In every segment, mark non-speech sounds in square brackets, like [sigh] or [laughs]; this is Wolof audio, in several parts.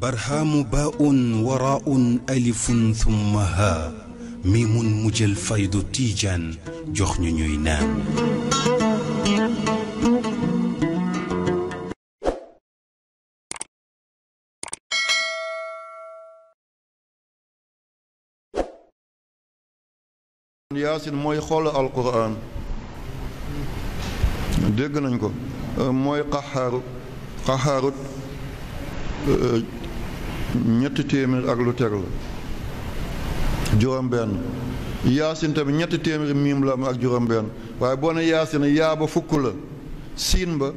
barhaamu baaun waraaun alifun thumma haa miimun mujjal faydu tiijaan jox ñu ñuy naan. yaasin mooy xool alquran dégg nañ ko mooy qaxaaru qaxaarut. Euh, ñetti téeméer ak lu teg la juróom-benn yaasin tamit ñetti téeméeri miim la am ak juróom-benn waaye boo yaasin yaa ba fukk la siin ba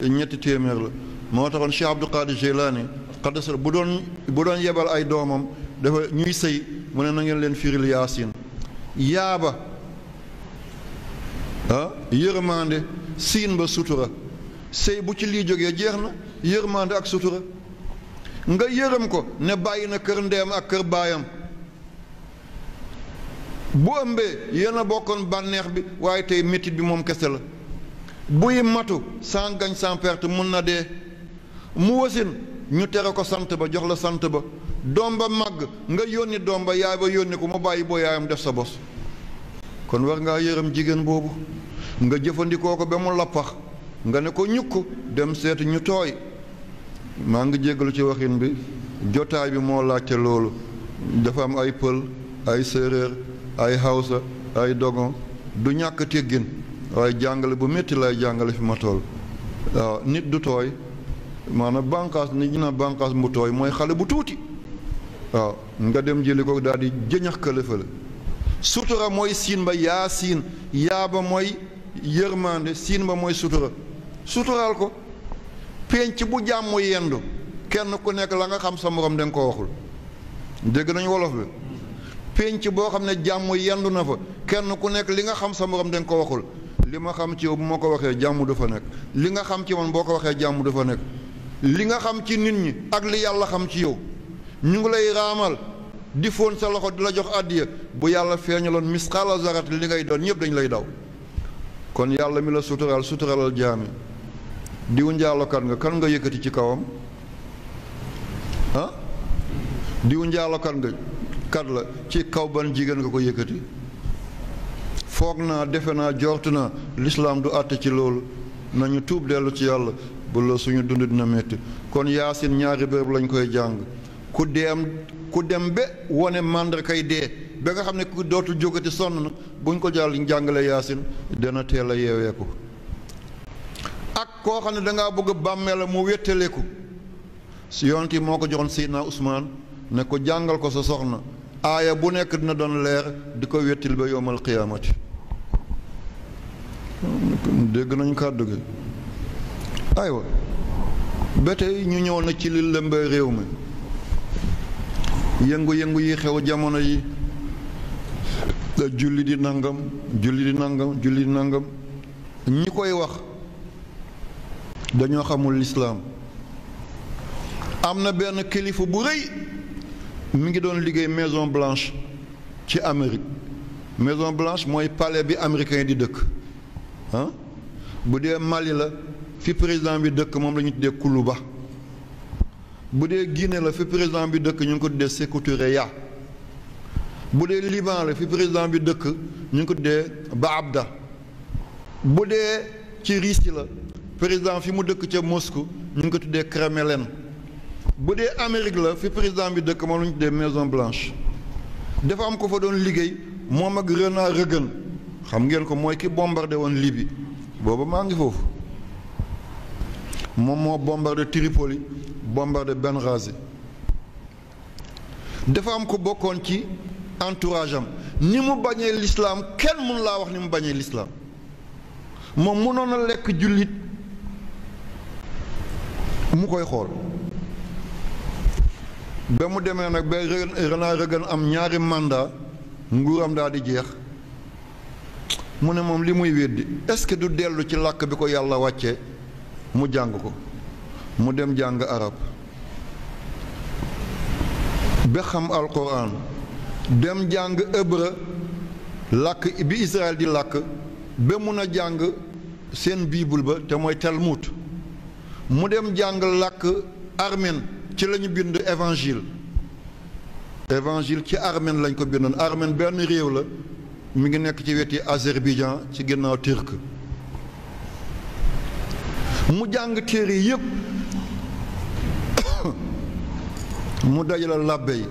ñetti téeméer la moo taxoon Cheikh Abdou Qadir Jilani xaddasal bu doon bu doon yebal ay doomam dafa ñuy sëy mu ne na leen firil yaasin yaa ba ah yërmande siin ba sutura sëy bu ci lii jógee jeex na yërmande ak sutura nga yërëm ko ne bàyyi na kër ndeyam ak kër baayam bu ëmbee yéen bokkoon bànneex bi waaye tey métit bi moom kese la buy matu sans gagne sans perte mun na dee mu wasin ñu tere ko sant ba jox la sant ba doom ba màgg nga yónni doom ba yaay ba yónni ko mu bàyyi boo yaayam def sa bos kon war ngaa yërëm jigéen boobu nga jëfandikoo ko ba mu lappax nga ne ko ñukk dem seetu ñu tooy maa ngi jéggalu ci waxin bi jotaay bi moo laajte loolu dafa am ay pël ay séeréer ay hausa ay dogon du ñàkk teggin waaye jàngale bu métti laay jàngale fi ma tool waaw nit du tooy maanaam bànqaas nit ñi na bànqaas bu tooy mooy xale bu tuuti waaw nga dem jëli ko daal di jëñax këlëfale sutura mooy siin ba yaa siin yaa ba mooy yërmande siin ba mooy sutura suturaal ko ci bu jàmm yendu kenn ku nekk la nga xam sa morom da ko waxul dégg nañu wolof bi ci boo xam ne jàmm yendu na fa kenn ku nekk li nga xam sa morom danga ko waxul li ma xam ci yow bu ma ko waxee jàmm du fa nekk li nga xam ci man boo ko waxee jàmm du nekk li nga xam ci nit ñi ak li yàlla xam ci yow ñu ngi lay raamal di foon sa loxo di la jox àddiya bu yàlla feeñaloon misqaala zarat li ngay doon ñëpp dañ lay daw kon yàlla mi la suturaal suturaalal jaami diw njaalokat nga kan nga yëkkati ci kawam ah diw njaalokat nga kat la ci kaw ban jigéen nga ko yëkkati foog naa defe naa jort naa lislaam du àtte ci loolu nañu tuub dellu ci yàlla bu la suñu dund dina métti kon yaasin ñaari béréb lañ koy jàng ku dee ku dem ba wone mandre kay dee ba nga xam ne ku dootul jógati sonn na buñ ko jàll jàngale yaasin dana teel a yeewee ko koo xam ne danga bëgg bàmmeela mu wéttaleeku si yonent yi moo ko joxoon Seydina Ousmane ne ko jàngal ko sa soxna aaya bu nekk dina doon leer di ko wéttil ba yowmal qiyaamati dégg nañu kàddu gi aywa ba tey ñu ñëw na ci li lëmbee réew mi yëngu-yëngu yi xew jamono yi julli di nangam julli di nangam julli di nangam ñi koy wax dañu xamul l'Islam. amna ben benn bu reuy mi ngi doon liguey Maison Blanche ci Amérique Maison Blanche moy palais bi américain di deuk ah bu dé Mali la fi président bi deuk mom lañu ñu kuluba bu dé Guinée la fi président bi deuk ñu ko tuddee Sékou ya bu dé Liban la fi président bi deuk ñu ko tuddee Baabda bu dé ci Russie la président fi mu dëkk ca Moscou ñu ngi ko tuddé Kremlin bu dee Amérique la fi président bi dëkk mo luñu dé Maison Blanche dafa am ko fa doon liggéey mom ak Ronald Reagan xam ngeen ko moy ki bombardé won Libye booba ma ngi fofu mom mo bombardé Tripoli bombardé Benghazi dafa am ko bokkoon ci entourage am ni mu bañé l'islam kenn mun la wax ni mu bañé l'islam mom mënoon a lekk jullit mu koy xool ba mu demee nag ba Ronald Reagan am ñaari mandat nguuram daal di jeex mu ne moom li muy weddi est-ce que du dellu ci làkk bi ko yàlla wàcce mu jàng ko mu dem jàng arab ba xam alquran dem jàng hébreu làkk bi Israël di làkk ba mun a jàng seen biibul ba te mooy Talmud mu dem jàng làkk armen ci lañu bind évangile évangile ci armen lañ ko bindoon armen benn réew la mi ngi nekk ci weti Azerbaïdjan ci ginnaaw turc mu jàng téere [coughs] yi yëpp mu dajala làbbe yi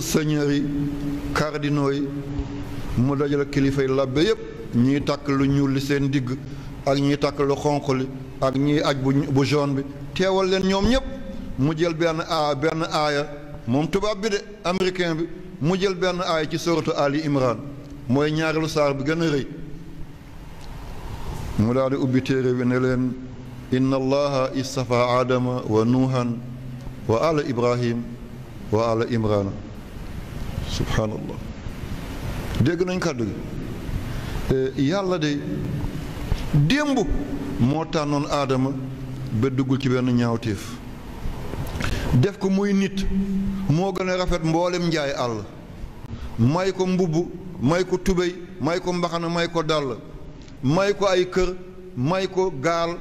seigneur yi cardinaux yi mu dajala kilifay làbbe yëpp ñiy takk lu ñuul li seen digg ak ñiy takk lu xonq li ak ñiy aj bu bu jaune bi teewal leen ñoom ñëpp mu jël benn a benn aaya moom tubaab bi de américain bi mu jël benn aaya ci suratu Ali Imran mooy ñaareelu saar bi gën a rëy mu daal di ubbi téere bi ne leen inna allaha istafa aadama wa nuuhan wa ala ibrahim wa ala imrana subhaanallah dégg nañ kàddu gi yàlla de démb moo tànnoon aadama ba duggul ci benn ñaawteef def ko muy nit moo gën a rafet mboolem njaay àll may ko mbubb may ko tubéy may ko mbaxana may ko dàll may ko ay kër may ko gaal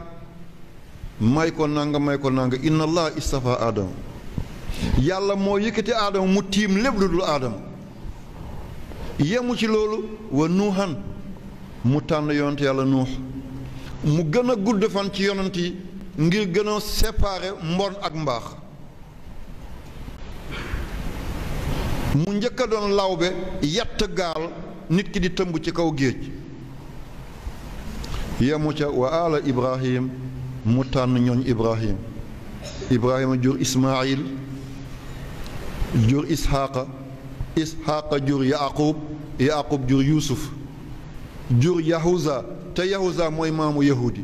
may ko nanga may ko nanga inna allah aadama yàlla moo yëkkati aadama mu tiim lépp lu dul aadama yemu ci loolu wa nuuxan mu tànn yonte yàlla nuux mu gën a gudd fan ci yonent yi ngir gën a séparer ak mbaax mu njëkk a doon lawbe yatt gaal nit ki di tëmb ci kaw géej yemu ca wa ala mu tànn ñooñ ibrahim ibrahima jur ismail jur isxaaqa isxaaqa jur yaqub yaqub jur yuusuf jur yahuza te yahuza mooy maamu yahudi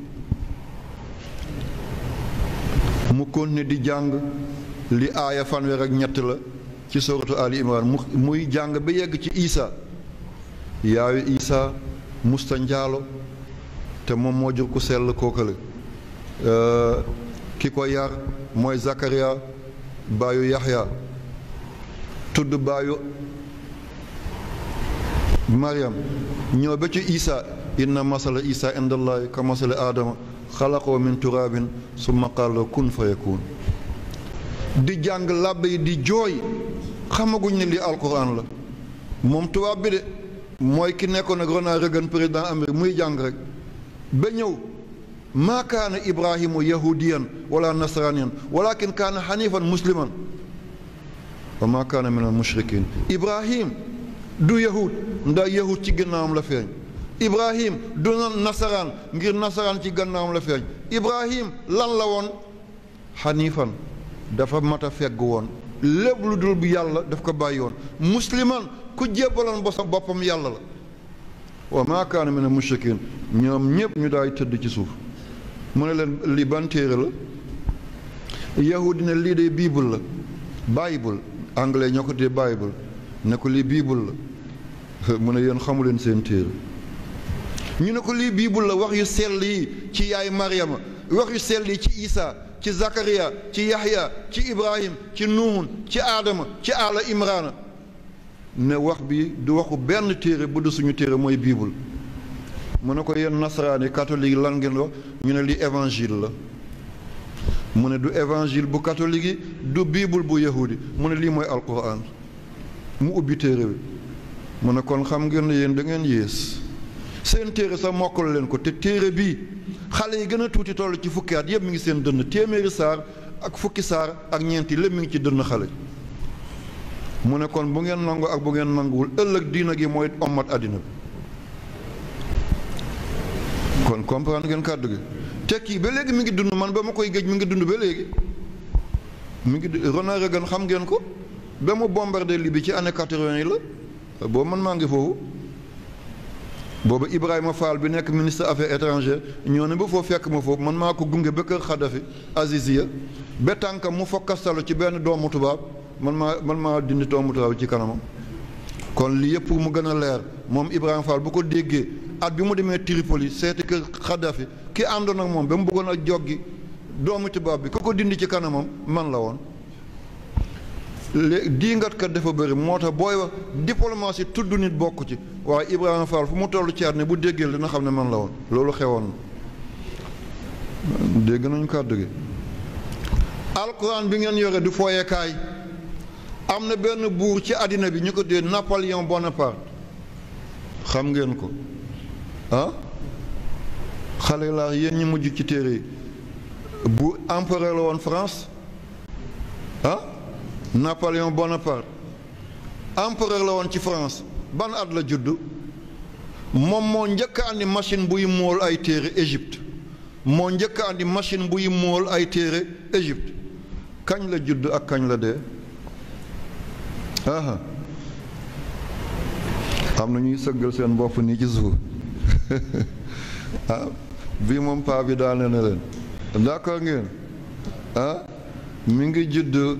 mu continué di jàng li aaya fanweer ak ñett la ci suratu ali imran muy jàng bi yegg ci isa yaayu isa musta njaalo te moom moo jur ku sell kookale ki ko yar mooy Zakaria baayu Yaxya tudd baayu Mariam ñëw ba ci Isa inna masala Isa indallahi ka masala Adama xalaqoo min turaabin summa qaala kun fa yakun di jàng làbbe yi di jooy xamaguñ ne lii alquran la moom tubaab bi de mooy ki nekkoon ak Ronald Reagan président Amérique muy jàng rek ba ñëw maa kaana ibrahimu yahudiyan wala nasraniyan walakin kaana xanifan musliman wa maa kaana min al mushrikin ibrahim du yahud ndax yahud ci gannaawam la feeñ ibrahim du nasaraan ngir nasaraan ci gannaawam la feeñ ibrahim lan la woon xanifan dafa mat a fegg woon lépp lu dul bu yàlla daf ko bàyyi woon musliman ku jébbaloon boppam yàlla la wa maa kaana mina mushrikin ñoom ñëpp ñu daay tëdd ci suuf mu ne leen li bantéere la yahudi ne lii de biibul la bible anglais ñoo ko tuddee bible ne ko lii biibul la mu ne yéen xamu leen seen téere ñu ne ko lii biibul la wax yu sell yi ci yaay Mariama wax yu sell yi ci Isa ci Zakariya ci Yahya ci Ibrahim ci Nuhun ci Adama ci Ala Imrana ne wax bi du waxu benn téere bu du suñu téere mooy biibul mu ne ko yéen nasaraani catholique lan ngeen wax ñu ne lii évangile la mu ne du évangile bu catholique yi du biibul bu yahudi mu ne lii mooy alquran mu ubbi téere mu ne kon xam ngeen ne yéen da ngeen yées seen téere sax mokkal leen ko te téere bi xale yi gën a tuuti toll ci fukki at yëpp mi ngi seen ak fukki saar ak ñeenti lépp mi ngi ci mu ne kon bu ngeen nangu ak bu ngeen nanguwul ëllëg diina gi mooy kon comprendre ngeen kàddu gi tekki ba léegi mi ngi dund man ba ma koy géej mi ngi dund ba mi ngi xam ngeen ko ba mu bombardé Libye ci année quatre-vingt yi la boobu man maa ngi foofu boobu Ibrahima faal bi nekk ministre affaires étrangères ñoo ne ba foo fekk ma foofu man maa ko gunge ba kër Xadafi Aziziya ba tànkam mu fokkastalu ci benn doomu tubaab man maa man maa dindi doomu tubaab ci kanamam kon lii yëpp mu gën a leer moom Ibrahima Fall bu ko déggee at bi mu demee Tripoli seeti kër Xadafi ki àndoon nag moom ba mu bëggoon a joggi doomu tubaab bi ku ko dindi ci kanamam man la woon léegi diingatkat dafa bëri moo tax booy wax diplomatie tudd nit bokk ci waaye Ibrahima Fall fu mu toll ci ne bu déggee dina xam ne man la woon loolu xewoon na dégg nañu kàddu gi alquran bi ngeen yore du fooyekaay am na benn buur ci àddina bi ñu ko dee Napoléon Bonaparte xam ngeen ko ah xale laa yéen ñi mujj ci téere yi bu empereur la woon France ah? Napoléon Bonaparte empereur la woon ci France ban at la juddu moom moo njëkk andi machine buy mool ay téere Égypte moo njëkk a andi machine buy mool ay téere Égypte kañ la juddu ak kañ la dee aha am na ñuy sëggal seen bopp nii ci suuf [laughs] ah bii moom paa bi daane na leen d'accord ngeen ah mi ngi judd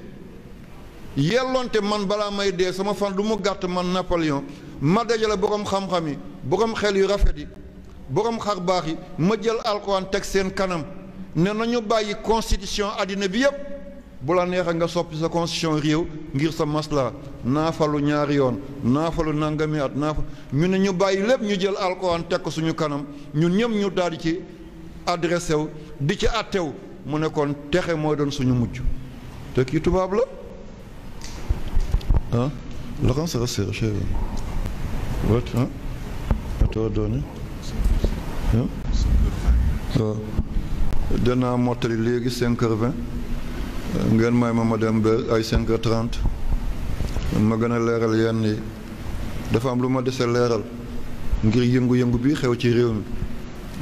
yelloonte man bala may dee sama fan du gatt man Napoléon ma dajale borom xam xami yi xel yu rafet yi xar baxi ma jël alcorane tek sen kanam né nañu bayyi constitution adina bi yëpp bu la neexee nga soppi sa constitution réew ngir sa maslaa naafalu ñaar yoon naafalu nangami at naafa ñu ñu bayyi lepp ñu jël alcorane tek suñu kanam ñun ñëpp ñu daal ci adressé di ci attew mu ne kon texe mooy doon suñu mujju te ki tubab la. Ah, Laurence Recherche. Was? Ah? Atordone. Ja? waaw danaa mottali léegi 5 heures 20 ngeen may ma ma dem ba ay 5 heures 30 ma gën a leeral yenn yi dafa am lu ma dese leeral ngir yëngu-yëngu bi xew ci réew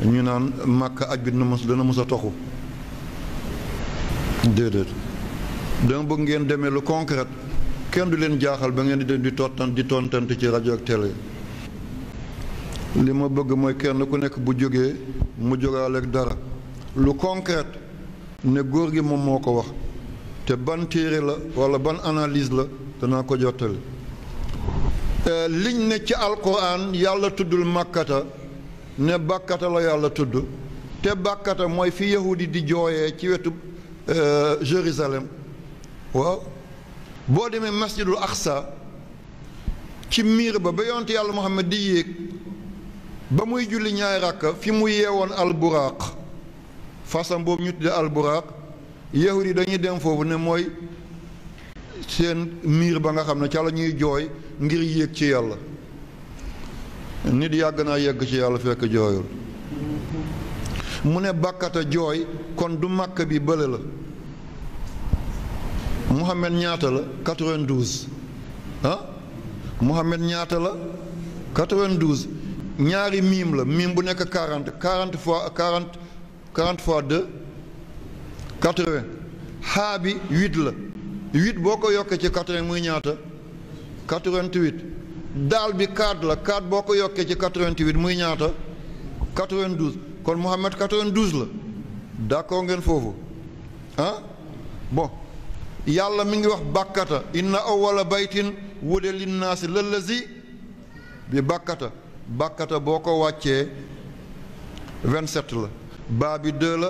mi ñu naan màkk aj bi dina mos dana mos a toxu déedéet dama bëgg ngeen demee lu concret kenn du leen jaaxal ba ngeen di dem di tottant di tontant ci rajo ak télé li ma bëgg mooy kenn ku nekk bu jógee mu jógaale dara lu concret ne góor gi moom moo ko wax te ban téere la walla ban analise la danaa ko jottali euh, liñ ne ci alquran yàlla tuddul màkkata ne bàkkata la yàlla tudd te bàkkata mooy fi yahudi di jooyee ci wetu euh, Jérusalem waaw boo demee masjidul aksa ci miir ba ba yonte yàlla muhammad di yéeg ba muy julli ñaari ràkka fi mu yeewoon alburaaq façon boobu ñu tudde alburaaq yahud yi dañuy dem foofu ne mooy seen miir ba nga xam ne ca la ñuy jooy ngir yéeg ci yàlla nit yàgg naa yegg ci yàlla fekk jooyul mu ne bàkkata jooy kon du màkk bi bële la Mouhamed ñaata la 92 ah Mouhamed ñaata la 92 ñaari miim la miim bu nekk 40 40 fois 40 40 fois 2 80 xaa bi 8 la 8 boo ko yokkee ci 80 muy ñaata 88 daal bi 4 la 4 boo ko yokkee ci 88 muy ñaata 92 kon Mouhamed 92 la d'accord ngeen foofu ah bon. yàlla mi ngi wax bàkkata inna awwala baytin wude si lëllazi bi bàkkata bàkkata boo ko wàccee vingt-sept la baa bi deux la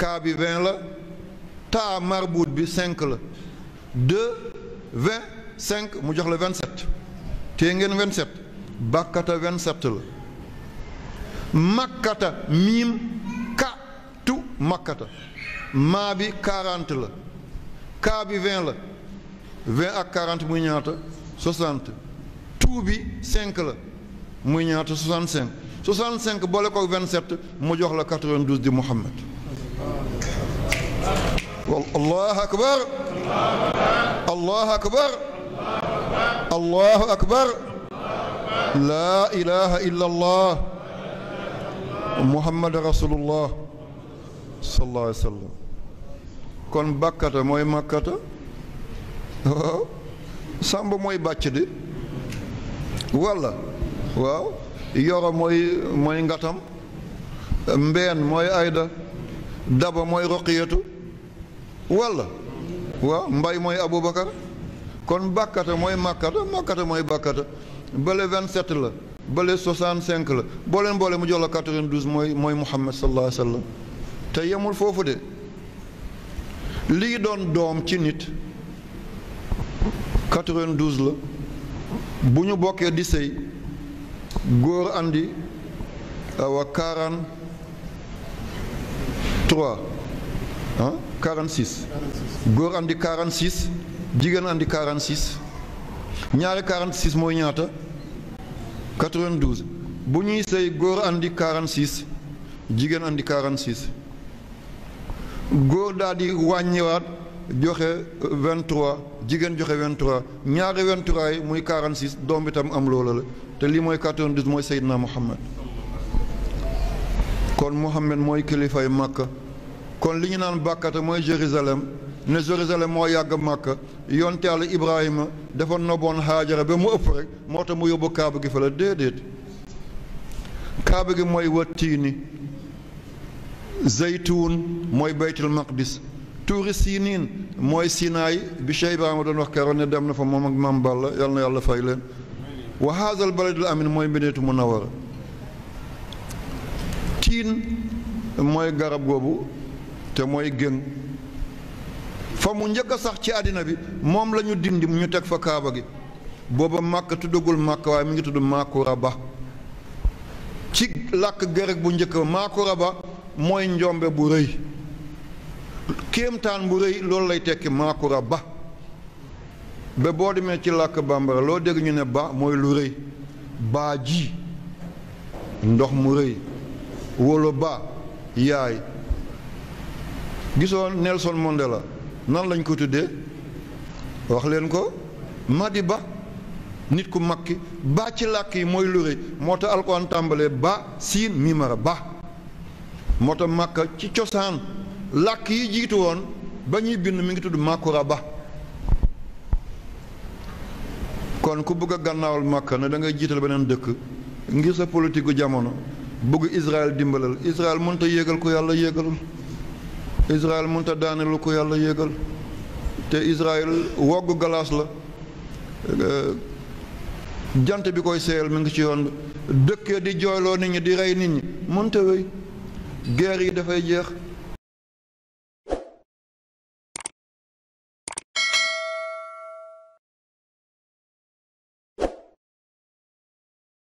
kaa bi vingt la taa marbuut bi cinq la deux vingt cinq mu jox la vingt-sept tee ngeen vingt-sept bàkkata vingt-sept la makkata miim ka tu maa bi quarante la كابي 20 la 20 40 muy 60 tout 5 la muy 65 65 boole 27 mu jox la 92 دي محمد الله أكبر الله أكبر الله أكبر لا إله إلا الله محمد رسول الله صلى الله عليه وسلم kon bàkkata mooy màkkata waaw oh, sàmba mooy bàcc di walla waaw yoro mooy mooy ngatam mbeen mooy ayda daba mooy roqiyatu walla waaw mbay mooy abubakar kon bàkkata mooy màkkata màkkata mooy bàkkata bële 27 la bële 65 la boo leen boole mu jox la 92 mooy mooy muhammad sallallahu alayhi wa sallam te yemul foofu de lii doon doom ci nit 92 la bu ñu bokkee di sëy góor andi awa 43 ah 46 góor andi 46 jigéen andi 46 ñaari 46 mooy ñaata 92 bu ñuy sëy góor andi 46 jigéen andi 46 góor daal di wàññiwaat joxe vingt trois jigéen joxe vingt trois ñaari vingt trois yi muy quarante six doom bi tam am loola la te lii mooy quatre-vingt douze mooy Seydina Muhammad kon Muhammad mooy kilifay Makka kon li ñu naan bàkkata mooy Jérusalem ne Jérusalem moo yàgg Makka yonte Yàlla Ibrahima dafa noboon Haajara ba mu ëpp rek moo tax mu yóbbu kaaba gi fa la déedéet kaaba gi mooy wattiini zaytuun mooy baytul maqdis tuuri siiniin mooy sinaay bi Cheikh doon wax keroog ne dem na fa moom ak maam Balla yal yàlla fay leen wa haazal amin mooy mbineetu munawara tiin mooy garab goobu te mooy géng fa mu njëkk sax ci àddina bi moom lañu ñu dindi mu ñu teg fa kaaba gi booba màkk tuddagul màkk waaye mi ngi tudd maakura ba ci làkk gërëg bu njëkk maakura ba mooy njombe bu rëy kéemtaan bu rëy loolu lay tekki maakura ba ba boo demee ci làkk bambara loo dégg ñu ne ba mooy lu rëy baa ji ndox mu rëy wóolu ba yaay gisoo Nelson la nan lañ ko tuddee wax leen ko Madi Ba nit ku mag ki ba ci làkk yi mooy lu rëy moo tax alxuraan tàmbalee ba siin mimara ba moo tax màkka ci cosaan làkk yi jiitu woon ba ñuy bind mi ngi tudd màkkura ba kon ku bëgg a gànnaawal màkka dangay jiital beneen dëkk ngir sa politique jamono bëgg Israël dimbalal Israël mënta yéegal ko yàlla yéegal Israël mënta daanelu ko yàlla yéegal te Israël woggu galaas la euh, jant bi koy seyal mu ngi ci yoon dëkkee di jooyloo nit ñi di rey nit ñi mënta wéy guerre yi dafay jeex